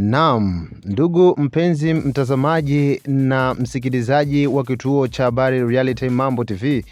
Naam, ndugu mpenzi mtazamaji na msikilizaji wa kituo cha habari Reality Mambo TV.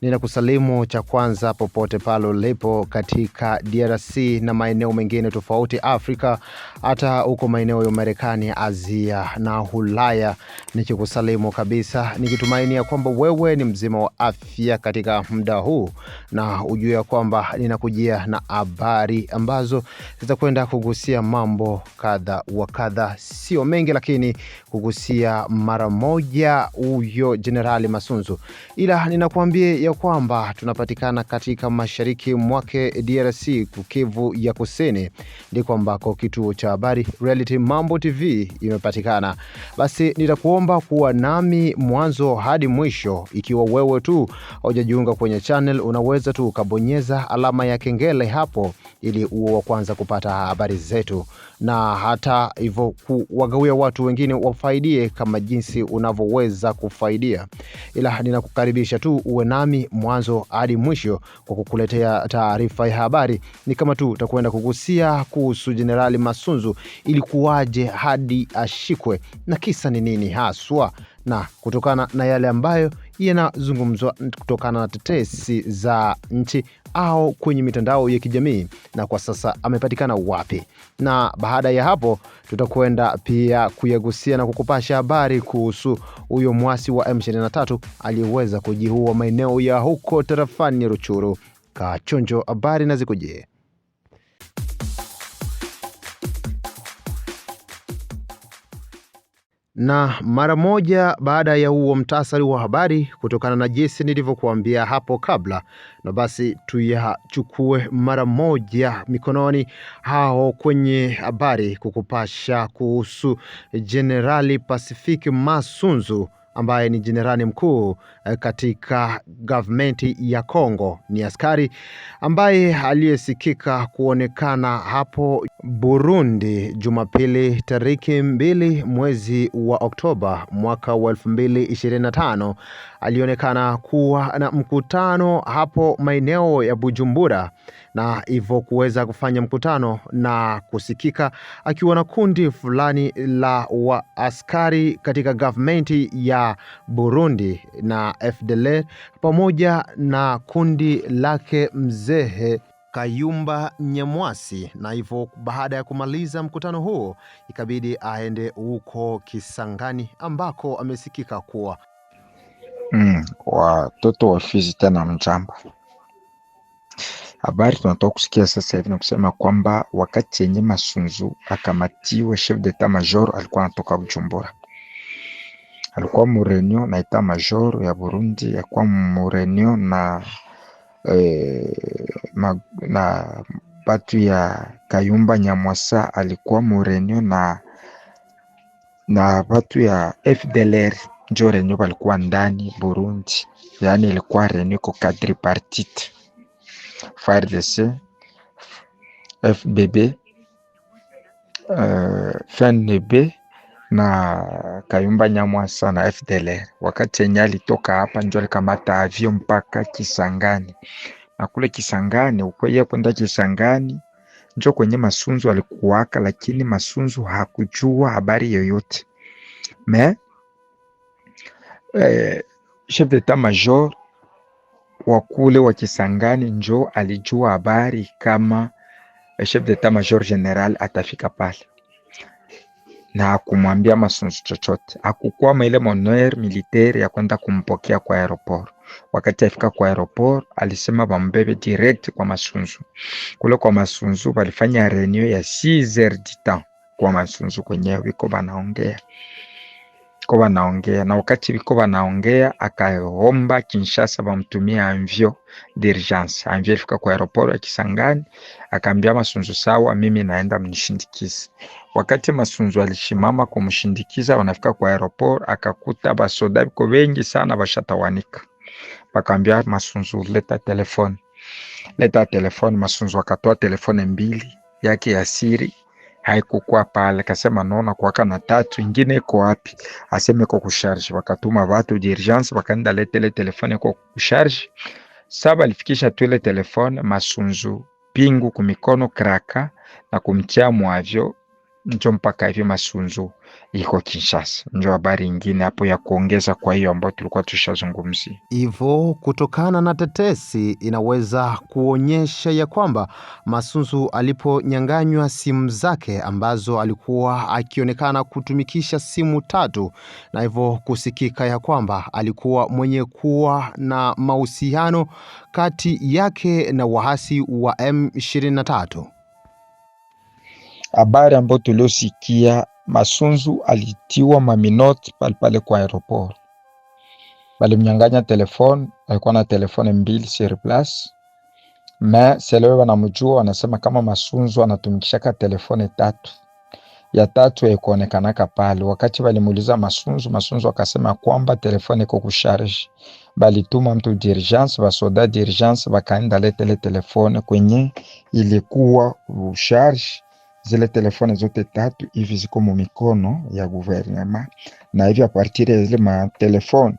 Ninakusalimu cha kwanza popote pale ulipo katika DRC na maeneo mengine tofauti Afrika, hata huko maeneo ya Marekani, Asia na Ulaya, nikikusalimu kabisa nikitumaini ya kwamba wewe ni mzima wa afya katika muda huu, na ujue ya kwamba ninakujia na habari ambazo zitakwenda kugusia mambo kadha wa kadha, sio mengi, lakini kugusia mara moja huyo Jenerali Masunzu, ila ninakuambia ya kwamba tunapatikana katika mashariki mwake DRC kukivu ya kusini, ndiko ambako kituo cha habari Reality Mambo TV imepatikana. Basi nitakuomba kuwa nami mwanzo hadi mwisho. Ikiwa wewe tu haujajiunga kwenye channel, unaweza tu ukabonyeza alama ya kengele hapo ili uwe wa kwanza kupata habari zetu na hata hivyo kuwagawia watu wengine wafaidie kama jinsi unavyoweza kufaidia, ila ninakukaribisha tu uwe nami mwanzo hadi mwisho kwa kukuletea taarifa ya habari. Ni kama tu utakwenda kugusia kuhusu Jenerali Masunzu, ilikuwaje hadi ashikwe na kisa ni nini haswa, na kutokana na yale ambayo yanazungumzwa kutokana na tetesi za nchi au kwenye mitandao ya kijamii, na kwa sasa amepatikana wapi. Na baada ya hapo, tutakwenda pia kuyagusia na kukupasha habari kuhusu huyo mwasi wa M23 aliyeweza kujiua maeneo ya huko tarafani Ruchuru. Kachonjo, habari na zikujie. na mara moja baada ya huo mtasari wa habari, kutokana na jinsi nilivyokuambia hapo kabla, na basi tuyachukue mara moja mikononi hao kwenye habari kukupasha kuhusu Jenerali Pacific Masunzu ambaye ni jenerali mkuu eh, katika gavmenti ya Kongo. Ni askari ambaye aliyesikika kuonekana hapo Burundi Jumapili tariki mbili mwezi wa Oktoba mwaka wa 2025 alionekana kuwa na mkutano hapo maeneo ya Bujumbura na hivyo kuweza kufanya mkutano na kusikika akiwa na kundi fulani la waaskari katika gavmenti ya Burundi na FDLR pamoja na kundi lake Mzehe Kayumba Nyamwasi, na hivyo baada ya kumaliza mkutano huo ikabidi aende huko Kisangani ambako amesikika kuwa mm, watoto wa Fizi tena mjamba. Habari tunatoka kusikia sasa hivi na kusema kwamba wakati yenye Masunzu akamatiwe, chef d'etat major alikuwa anatoka Bujumbura, alikuwa murenio na etat major ya Burundi, alikuwa murenio na Eh, ma, na batu ya Kayumba Nyamwasa alikuwa murenio na na batu ya FDLR njo renio balikuwa ndani Burundi, yaani ilikuwa renio ko quadripartite FARDC, FBB, uh, eh, FNB na Kayumba Nyamwasa na FDLR. Wakati yenye alitoka hapa njo alikamata avyo mpaka Kisangani, na kule Kisangani ukweye kwenda Kisangani njo kwenye Masunzu alikuwaka, lakini Masunzu hakujua habari yoyote me eh, chef d'etat major wa kule wa Kisangani njo alijua habari kama eh, chef d'etat major general atafika pale na akumwambia Masunzu chochote. Hakukuwa maile moner militaire ya kwenda kumpokea kwa aeroport. Wakati afika kwa aeroport, alisema bambebe direct kwa Masunzu. Kule kwa Masunzu walifanya renio ya 6h du temps kwa Masunzu kwenyewe wiko banaongea ko banaongea na wakati wiko banaongea, akaomba Kinshasa bamtumia mvyo d'urgence. Amefika kwa aeroport ya Kisangani, akaambia Masunzu sawa, mimi naenda mnishindikize. Wakati Masunzu alishimama kumshindikiza, wanafika kwa aeroport, akakuta basoda biko wengi sana bashatawanika. Bakaambia Masunzu, leta telefoni, leta telefoni. Masunzu akatoa telefoni mbili yake ya siri haikukua pale, kasema naona kuwaka na tatu ingine iko wapi? Aseme ko kusharge. Wakatuma watu d'urgence, wakaenda letele telefone ko kusharge Saba alifikisha twile telefone masunzu pingu kumikono kraka na kumcha mwavyo njo mpaka hivi masunzu iko Kinshasa. Njo habari ingine hapo ya kuongeza kwa hiyo ambayo tulikuwa tushazungumzi Hivyo kutokana na tetesi inaweza kuonyesha ya kwamba masunzu aliponyanganywa simu zake ambazo alikuwa akionekana kutumikisha simu tatu, na hivyo kusikika ya kwamba alikuwa mwenye kuwa na mahusiano kati yake na waasi wa M23. Habari ambayo tuliosikia, Masunzu alitiwa maminoti palepale kwa aeroport, balimnyanganya telefone. Alikuwa na telefone mbili plus me selewe wanamjua, wanasema kama Masunzu anatumikishaka telefone tatu ya tatu haikuonekanaka pale. Wakati walimuuliza Masunzu, Masunzu akasema kwamba telefone iko kusharge, balituma mtu dirigence, basoda dirigence bakaenda letele telefone kwenye ilikuwa usharge zile telefone zote tatu hivi ziko mu mikono ya guvernema, na hivi apartiri ya zile matelefone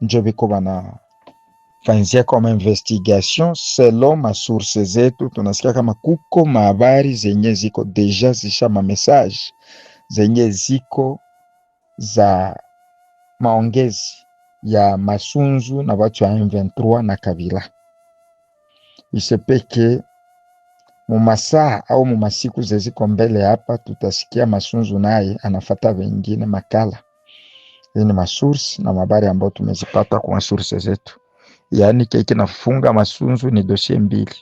njo biko banafanyizia kama investigation selon masource zetu. Tunasikia kama kuko mahabari zenye ziko deja zisha message zenye ziko za maongezi ya masunzu na watu ya M23 na kabila isepeke mumasaa au mumasiku zeziko mbele hapa, tutasikia Masunzu naye anafata wengine makala. Hii ni masursi na mabari ambayo tumezipata kwa masursi zetu. yani keki nafunga Masunzu ni dosie mbili.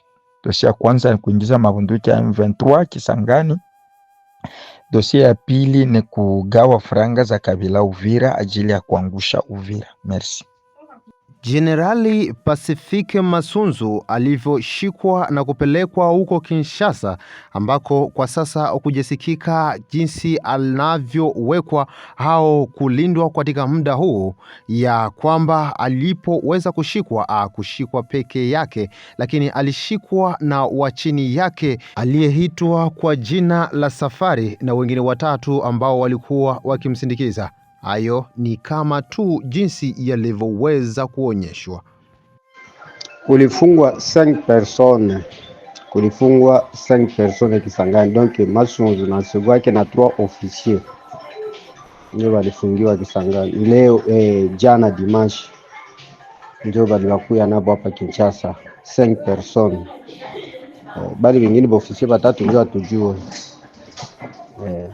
Dosie ya kwanza ni kuingiza mabunduki ya M23 Kisangani. Dosie ya pili ni kugawa franga za kabila Uvira ajili ya kuangusha Uvira. Merci. Jenerali pasifike Masunzu alivyoshikwa na kupelekwa huko Kinshasa ambako kwa sasa kujasikika jinsi anavyowekwa au kulindwa katika muda huu, ya kwamba alipoweza kushikwa akushikwa ah, peke yake, lakini alishikwa na wachini yake aliyeitwa kwa jina la Safari na wengine watatu ambao walikuwa wakimsindikiza. Hayo ni kama tu jinsi yalivyoweza kuonyeshwa. Kulifungwa 5 personnes kulifungwa 5 personnes Kisangani, donc masunzu na yake na 3 officiers ndio walifungiwa Kisangani leo eh, jana dimash ndio bali nabo hapa Kinshasa 5 personnes eh, bali vingine baofisia batatu ndio atujue eh,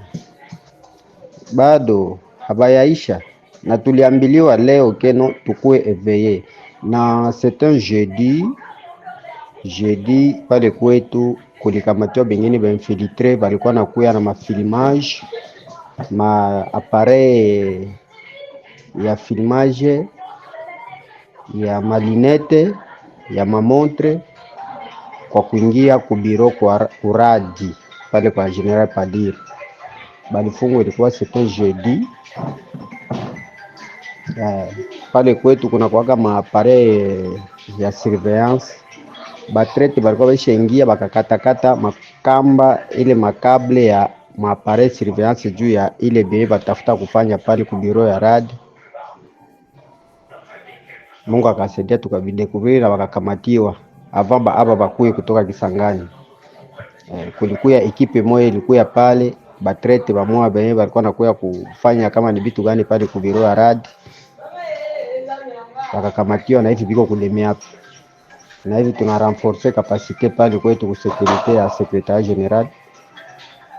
bado habayaisha na tuliambiliwa leo keno tukue eveye na setin jeudi jeudi pale kwetu kulikamatiwa bengine benfiltre balikuwa nakuya na mafilmage ma appareil ya filmage ya malinete ya mamontre kwa kuingia kubiro kwa uradi pale kwa General Padir balifungu ilikuwa siku jeudi. eh, pale kwetu kuna kuwaga maapare ya surveillance batrete balikuwa baishaingia bakakatakata makamba ile makable ya maapare surveillance juu ya ile bie batafuta kufanya pale kubiro ya radi. Mungu akasaidia tukabidekubiri na wakakamatiwa avamba aba bakuye kutoka Kisangani. Eh, kulikuya ekipe moya ilikuya pale batrete bamoya benye balikuwa nakuya kufanya kama ni bitu gani pale kuviroa radi wakakamatiwa, na hivi viko kulemea hapa, na hivi tuna renforce kapasite pale kwetu kusekurite ya secretary general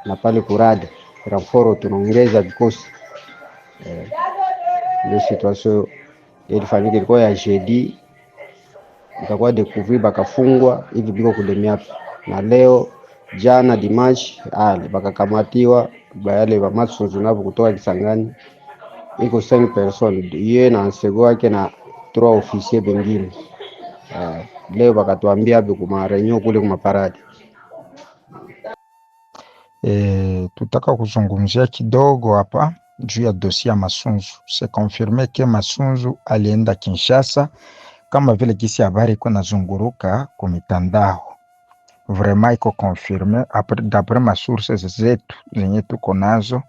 na pale kurada ramforo tunaongeza vikosi eh, ndio situation ilifanyika, ilikuwa ya jeudi ikakuwa dekuvri bakafungwa hivi biko kulemea, na leo jana Dimash ale bakakamatiwa bayale ba Matson Zunavu kutoka Kisangani, iko 5 person yeye na ansego wake na trois officiers bengine. Uh, leo bakatuambia hapo kuma renyo kule kuma parade e, tutaka kuzungumzia kidogo hapa juu ya dosia ya Masunzu. Se confirme ke Masunzu alienda Kinshasa kama vile kisi habari iko nazunguruka kwa mitandao vraiment iko confirme dapre masource zetu zenye tuko nazo,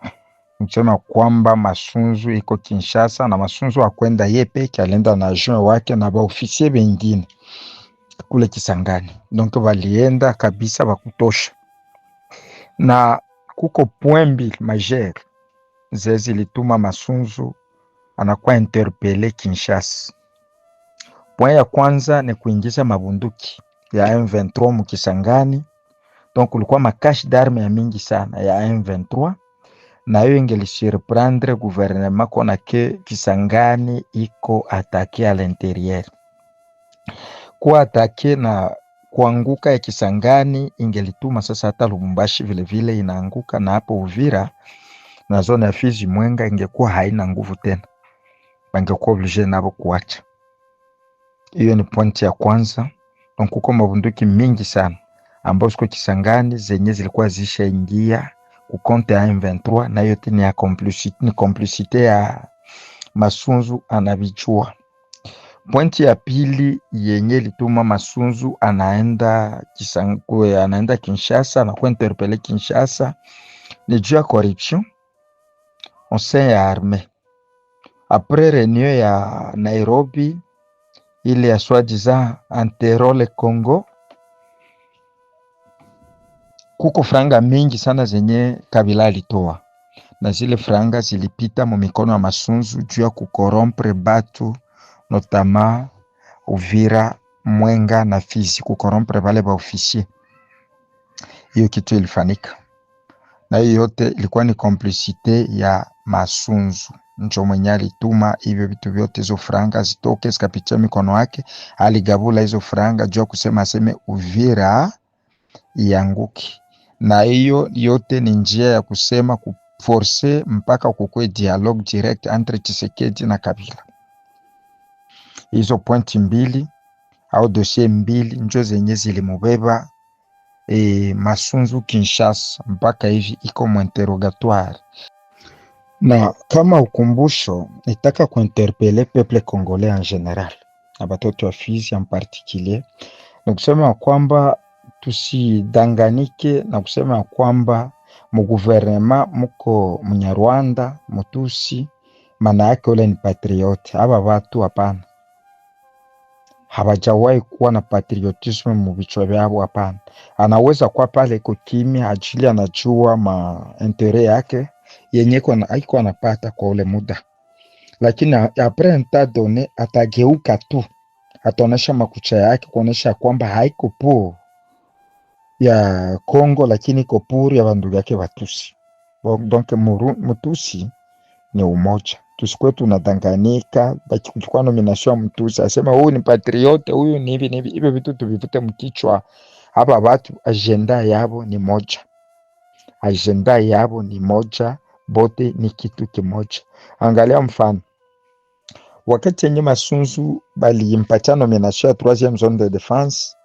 kusema kwamba masunzu iko Kinshasa na masunzu akwenda ye peke, alienda na juin wake na baofisier bengine kule Kisangani, donc balienda kabisa bakutosha, na kuko pwembi majere zezi lituma masunzu anakuwa interpele Kinshasa. Pwaya ya kwanza ni kuingiza mabunduki ya M23 mukisangani. Donc kulikuwa makashi darme ya mingi sana ya M23, na hiyo ingelisirprendre gouvernement kona ke Kisangani iko atake a l'interieur kwa atake na kuanguka ya Kisangani ingelituma sasa hata Lubumbashi vile inaanguka, na hapo Uvira na zone ya Fizi Mwenga ingekuwa haina nguvu tena, bangekuwa oblige nabo kuacha. Hiyo ni pointi ya kwanza kuko mabunduki mingi sana ambao siko Kisangani zenye zilikuwa zishaingia kukonte ya M23 na yote ni, ni complicité ya Masunzu anavichua. Pointi ya pili yenye lituma Masunzu anaenda, kisangu, anaenda Kinshasa anakuwa interpele Kinshasa ni juu ya corruption sein ya arme après réunion ya Nairobi ile ya swajiza anterole Congo, kuko franga mingi sana zenye Kabila alitoa na zile franga zilipita mu mikono ya masunzu juu ya kukorompre batu notama Uvira, Mwenga na Fizi, kukorompre vale vaofisie. Hiyo kitu ilifanika, na hiyo yote ilikuwa ni komplisite ya masunzu ncho mwenye alituma hivyo vitu vyote, hizo franga zitoke zikapitia mikono yake, aligabula hizo franga jua kusema aseme Uvira ianguki. Na hiyo yote ni njia ya kusema kuforce mpaka kukwe dialogue direct entre Tshisekedi na Kabila. Hizo pointi mbili au dossier mbili njo zenye zilimubeba e, Masunzu Kinshasa mpaka hivi iko mu interrogatoire na kama ukumbusho nitaka kuinterpele peuple congolais en general na batoto wa Fizi en particulier, na kusema kwamba tusidanganike na kusema ya kwamba muguvernema muko Mnyarwanda Mutusi, maana yake ule ni patriote. Aba batu hapana, hawajawahi kuwa na patriotisme muvichwa vyao, hapana. Anaweza kuwa pale ko ajili anajua ma yake yenye aiko anapata kwa ule muda, lakini apres ntadone atageuka tu, ataonesha makucha yake kuonesha kwamba haiko pur ya Kongo, lakini iko pur ya bandu yake Watusi. Donc mutusi ni umoja, tusikwe tunadanganyika bakichukua nomination ya mtusi asema huyu ni patriote, huyu ni hivi hivi. Hivyo vitu tuvivute mkichwa hapa, watu ajenda yabo ni moja ajenda yabo ni moja, bote ni kitu kimoja. Angalia mfano wakati yenye Masunzu balimpatia nomination ya troisieme zone de defense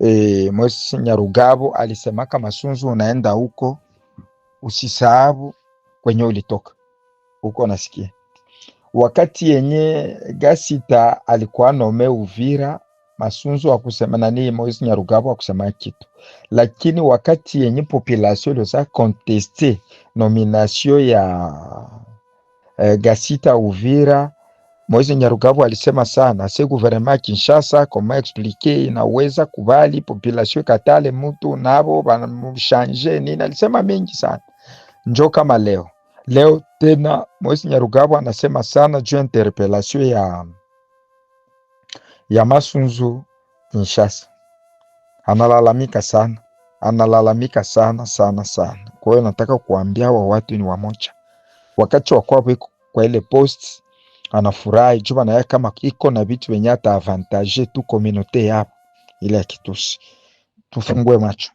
e, eh, mwesi Nyarugabo alisemaka Masunzu, unaenda huko usisahabu kwenye ulitoka huko, nasikia wakati yenye Gasita alikuwa nome Uvira Masunzu akusema nani Moise Nyarugabo wakusema kitu, lakini wakati yenye population ilioza conteste nomination ya eh, Gasita Uvira, Moise Nyarugabo alisema sana se guvernema ya Kinshasa koma explike inaweza kubali population katale mutu nabo banamshanje nini, alisema mingi sana njo kama leo leo tena Moise Nyarugabo anasema sana juu interpellation ya um, ya Masunzu Kinshasa. Analalamika sana, analalamika sana sana sana. Kwa hiyo nataka kuambia wa watu ni wamoja, wakati kwa iko kwa ile post anafurahi juba yeye kama iko na vitu vyenye hata avantage tu community yapo ile ya Kitusi. Tufungue macho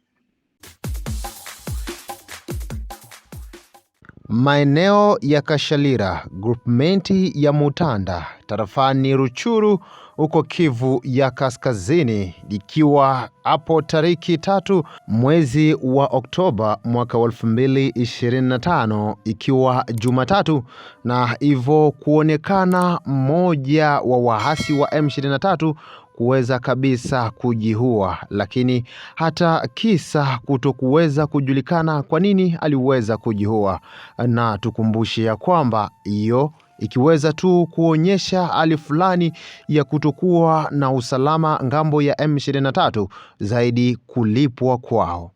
maeneo ya Kashalira groupmenti ya Mutanda tarafani Ruchuru huko Kivu ya Kaskazini, likiwa hapo tariki tatu mwezi wa Oktoba mwaka wa 2025 ikiwa Jumatatu, na hivyo kuonekana mmoja wa waasi wa M23 kuweza kabisa kujiua, lakini hata kisa kutokuweza kujulikana kwa nini aliweza kujiua. Na tukumbushe ya kwamba hiyo ikiweza tu kuonyesha hali fulani ya kutokuwa na usalama ngambo ya M23 zaidi kulipwa kwao.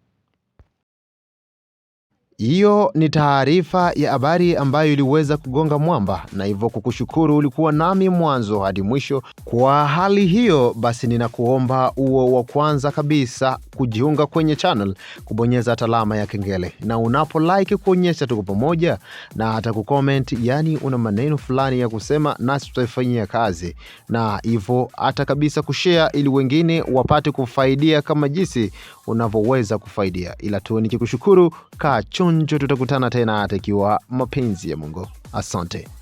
Hiyo ni taarifa ya habari ambayo iliweza kugonga mwamba, na hivyo kukushukuru ulikuwa nami mwanzo hadi mwisho. Kwa hali hiyo basi, ninakuomba uwe wa kwanza kabisa kujiunga kwenye channel, kubonyeza talama ya kengele, na unapo like kuonyesha tuko pamoja, na hata kucomment, yani una maneno fulani ya kusema nasi tutaifanyia kazi, na hivyo hata kabisa kushare ili wengine wapate kufaidia kama jinsi unavyoweza kufaidia, ila tu nikikushukuru. Kaa chonjo, tutakutana tena, atakiwa mapenzi ya Mungu. Asante.